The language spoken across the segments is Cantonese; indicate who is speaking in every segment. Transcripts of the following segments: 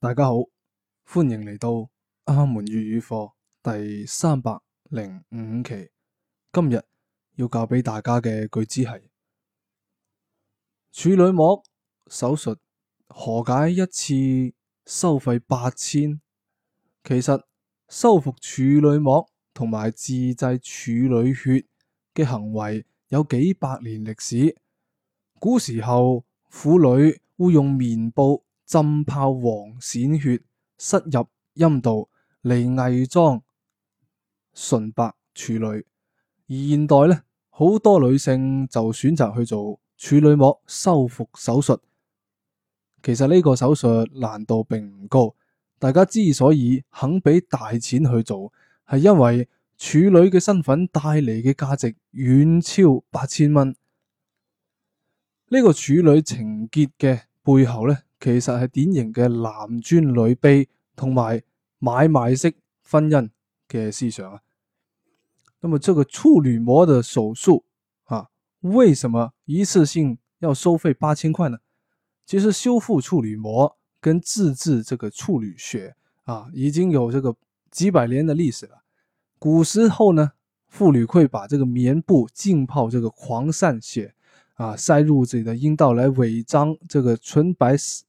Speaker 1: 大家好，歡迎嚟到阿門粵語課第三百零五期。今日要教俾大家嘅句子係：處女膜手術何解一次收費八千？其實修復處女膜同埋自製處女血嘅行為有幾百年歷史。古時候婦女會用棉布。浸泡黃鱔血，塞入陰道嚟偽裝純白處女。而現代咧，好多女性就選擇去做處女膜修復手術。其實呢個手術難度並唔高，大家之所以肯俾大錢去做，係因為處女嘅身份帶嚟嘅價值遠超八千蚊。呢個處女情結嘅背後咧。其實係典型嘅男尊女卑同埋買賣式婚姻嘅思想啊！咁啊，這個處女膜的手術啊，為什麼一次性要收費八千塊呢？其實修復處女膜跟自製這個處女血啊，已經有這個幾百年的歷史啦。古時候呢，婦女會把這個棉布浸泡這個黃鱔血啊，塞入自己的陰道來偽裝這個純白。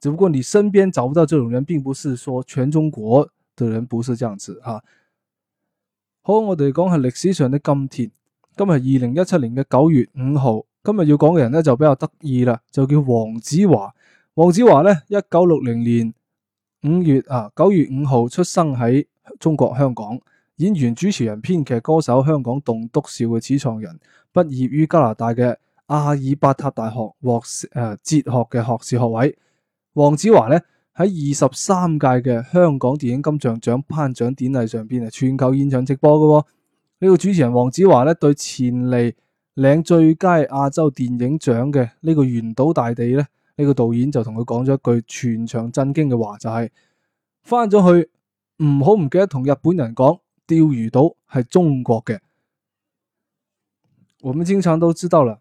Speaker 1: 只不過你身邊找不到這種人，並不是說全中國的人不是這樣子啊。好，我哋講下歷史上嘅今天，今日二零一七年嘅九月五號，今日要講嘅人呢就比較得意啦，就叫黃子華。黃子華呢，一九六零年五月啊，九月五號出生喺中國香港，演員、主持人、編劇、歌手，香港棟篤笑嘅始創人，畢業於加拿大嘅阿爾伯塔大學，獲誒、啊、哲學嘅學士學位。黃子華咧喺二十三屆嘅香港電影金像獎頒獎典禮上邊啊，全球現場直播嘅喎。呢個主持人黃子華咧對前嚟領最佳亞洲電影獎嘅呢個《懸島大地》咧呢個導演就同佢講咗一句全場震驚嘅話，就係返咗去唔好唔記得同日本人講釣魚島係中國嘅。我們經常都知道啦。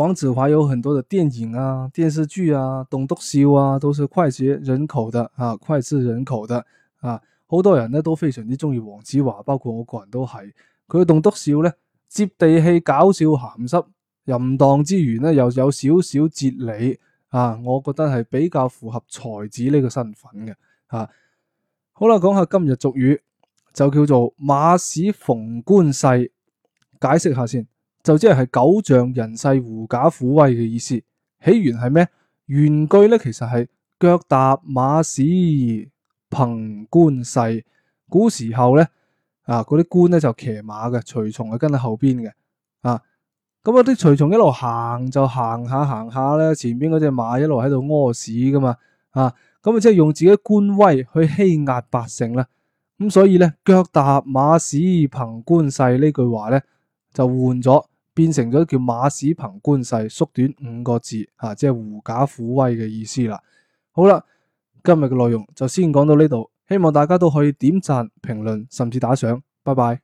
Speaker 1: 黃子華有很多嘅電影啊、電視劇啊、棟篤笑啊，都是膾炙人口的啊，膾炙人口的啊，好多人呢都非常之中意黃子華，包括我個人都係。佢嘅棟篤笑咧，接地氣、搞笑、鹹濕、淫蕩之餘呢，又有少少哲理啊，我覺得係比較符合才子呢個身份嘅。啊，好啦，講下今日俗語，就叫做馬屎馮官勢，解釋下先。就即係係狗仗人勢，狐假虎威嘅意思。起源係咩？原句咧，其實係腳踏馬屎憑官勢。古時候咧，啊嗰啲官咧就騎馬嘅，隨從係跟喺後邊嘅。啊，咁啊啲隨從一路行就行下行下咧，前邊嗰隻馬一路喺度屙屎噶嘛。啊，咁啊即係用自己官威去欺壓百姓啦。咁所以咧，腳踏馬屎憑官勢呢句話咧，就換咗。變成咗叫馬屎馮官勢，縮短五個字，吓、啊、即係狐假虎威嘅意思啦。好啦，今日嘅內容就先講到呢度，希望大家都可以點讚、評論，甚至打賞。拜拜。